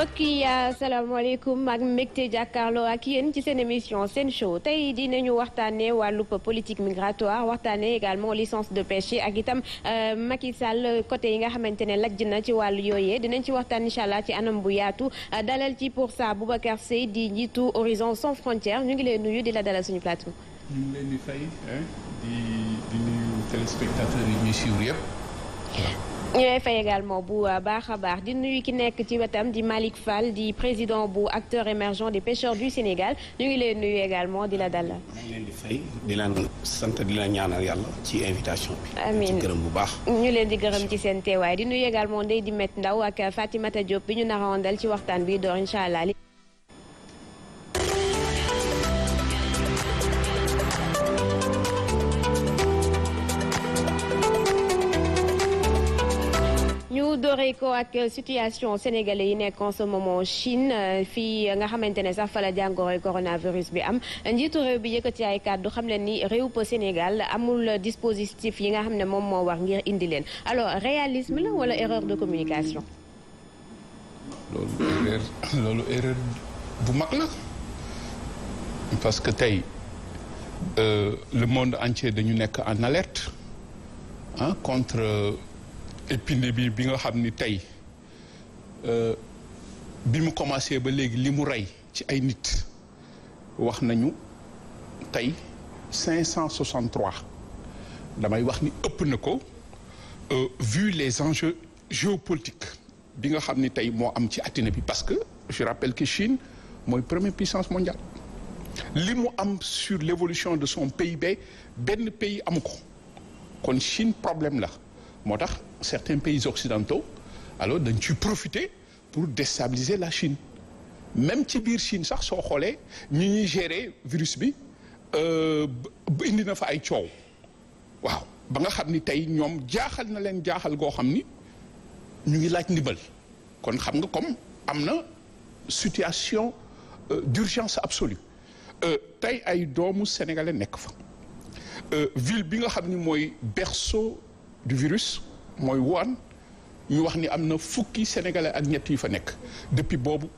mbokk yi asalaamaaleykum ak mbégte jàkkaarloo ak yéen ci seen émission seen show tey ñu waxtaanee wàllub politique migratoire waxtaanee également licence de pêche ak itam euh, Macky Sall côté yi nga xamante ne lajj na ci wàllu yooyee dinañ ci waxtaan incha allah ci anam bu yaatu euh, dalal ci pour ça Boubacar Seye di njiitu Horizon Sans Frontières ñu ngi lay nuyu di la dalal suñu plateau. ñu ngi leen di fay di di nuyu téléspectateurs yi ñuy suivre yëpp. ñu lay fay également bu baax a baax di nuyu ki nekk ci wetam di Malick fal di président bu acteur émergent de pêcheurs du Sénégal ñu ngi leen nuyu également di la dalal. maa ngi leen di fay di leen sant di la ñaanal yàlla ci invitation bi. amiin ñu leen di gërëm ci seen teewaay di nuyu également di met Ndaw ak Fatimata Diop bi ñu dal ci waxtaan bi door incha allah. ñu dooree ko ak situation sénégalais yi nekk en ce moment Chine euh, fii nga xamante ne sax fa la jàngoroy coronavirus bi am njiitu réew bi yëkkati ay kàddu xam leen ni réew pa Sénégal amul dispositif yi nga xam ne moom moo wax ngir indi leen alors réalisme la wala erreur de communication. loolu erreur loolu bu mag la parce que tey euh, le monde entier dañu nekk en alerte ah contre. épidémie bi nga xam ni tey euh, bi mu commencé ba léegi li mu rey ci ay nit wax nañu tey 563 damay wax ni ëpp na ko euh, vu les enjeux géopolitiques bi nga xam ni tey moo am ci attina bi parce que je rappelle que Chine mooy première puissance mondiale li mu am sur l'évolution de son PIB benn pays amu ko kon Chine problème la moo tax certains pays occidentaux alors dañ ci profiter pour déstabiliser la Chine même ci biir Chine sax soo xoolee ñu ñuy gérer virus bi euh, indi na fa ay coow waaw ba nga xam ni tey ñoom jaaxal na leen jaaxal goo xam ni ñu ngi laaj ndimbal kon xam nga comme am na situation euh, d'urgence absolue euh, tey ay doomu sénégalais nekk fa ville bi nga xam ni mooy berceau du virus mooy Wuhan ñu wax ni am na fukki sénégalais ak ñett yi fa nekk depuis boobu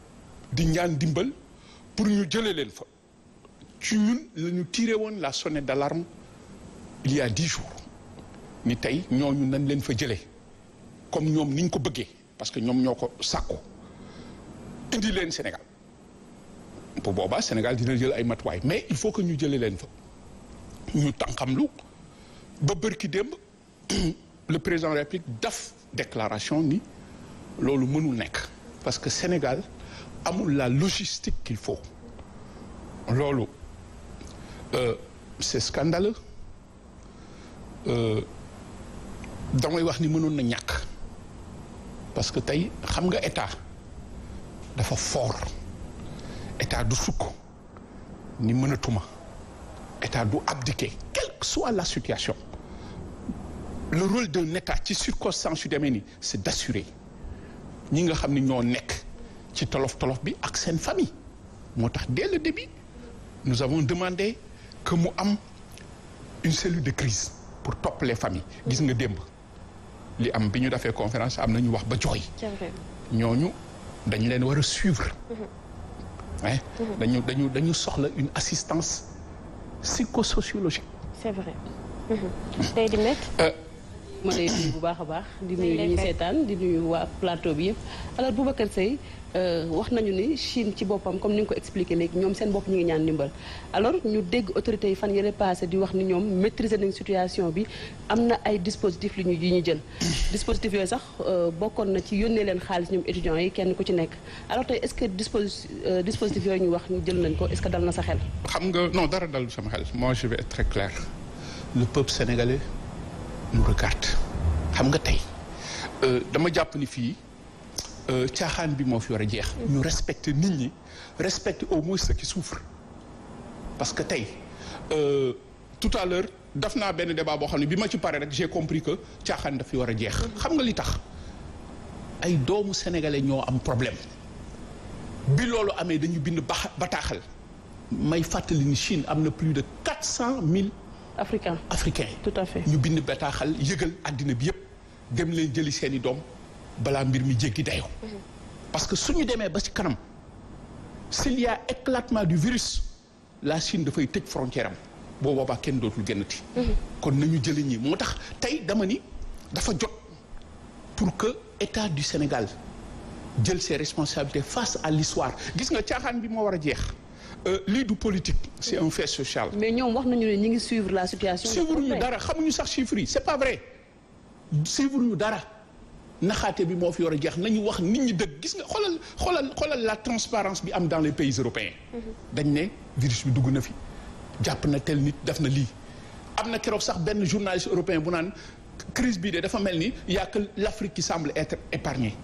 di ñaan dimbal pour ñu jëlee leen fa ci ñun la ñu woon la sonnette d'alarme il y a dix ni tey ñooñu nañ leen fa jëlee comme ñoom niñ ko bëggee parce que ñoom ñoo ko sàkku indi leen Sénégal pour boobaa Sénégal dina jël ay matuwaay mais il faut que ñu jëlee leen fa ñu tànqamlu ba bërki démb le président de la République daf déclaration ni loolu mënul nekk parce que Sénégal amul la logistique qu'il faut loolu euh, c'est scandaleux euh, damay wax ni mënoon na ñàkk parce que tey xam nga état dafa fort état du sukk ni mënatuma état du abdiquer quelle que soit la situation le rôle d'un état ci circonstance yu demee ni c'est d'assurer ñi nga xam ni ñoo nekk ci tolof tolof bi ak seen famille moo tax dès le début nous avons demandé que mu am une cellule de crise pour topp les familles gis nga démb li am bi ñu defee conférence am na ñu wax ba jooy ñooñu dañu leen war suivre mm-hmm. Mm-hmm. dañu dañu dañu soxla une assistance psychosociologique c'est ma lay nuyu bu baax a baax di nuyu seetaan di nuyu waa plateau bi yëpp alors Boubacar Seye euh, wax nañu ni Chine ci boppam comme ni nga ko expliqué léegi ñoom seen bopp ñu ngi ñaan ndimbal alors ñu dégg autorités yi fan yële passé di wax ni ñoom maîtriser nañ situation bi am na ay dispositifs yu ñu yu ñu jël dispositifs yooyu sax euh, bokkoon na ci yónnee leen xaalis ñoom étudiants yi kenn ku ci nekk alors tey est-ce que disposi euh, dispositifs yooyu ñu wax ñu jël nañ ko est-ce que dal na sa xel xam nga non dara dal sama xel moi je vais être très clair le peuple sénégalais nous regarde xam nga tey euh, dama jàpp ni fii euh, caaxaan bi moo fi war a jeex. Mm. ñu respecter nit ñi respecter au moins ceux qui souffrent parce que tey euh, tout à l'heure daf naa benn débat boo xam ne bi ma ci pare rek j'ai compris que caaxaan daf fi war a jeex. Mm. xam nga li tax ay doomu sénégalais ñoo am problème bi loolu amee dañu bind bataaxal may fàttali ni Chine am na plus de quatre cent mille africain africain tout à fait ñu bind bataaxal yëgal àddina bi yëpp dem leen jëli seeni doom balaa mbir mi jéggi dayoo. parce que suñu demee ba ci kanam s'il y a éclatement du virus la Chine dafay tëj frontière am boo boobaa kenn dootul génnati. kon nañu jëli ñi moo tax tey dama ni dafa jot pour que état du Sénégal jël ses responsabilités face à l'histoire gis nga caaxaan bi moo war a jeex. Euh, lii du politique c'est un fait social. mais ñoom wax nañu ne ñu ngi suivre la situation. suivre ñu dara xamuñu sax chiffres yi c'est pas vrai suivre ñu dara naxaate bi moo fi war a jeex nañu wax nit ñi dëgg gis nga xoolal xoolal xoolal la transparence bi am dans les pays européens. Mhm. dañ ne virus bi dugg na fi jàpp na tel nit def na lii am na keroog sax benn journaliste européen bu naan. crise bii de dafa mel ni y a que l'Afrique qui semble être épargnée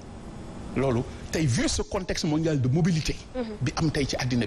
loolu tey vu ce mondial de mobilité mhm. bi am tey ci àddina bi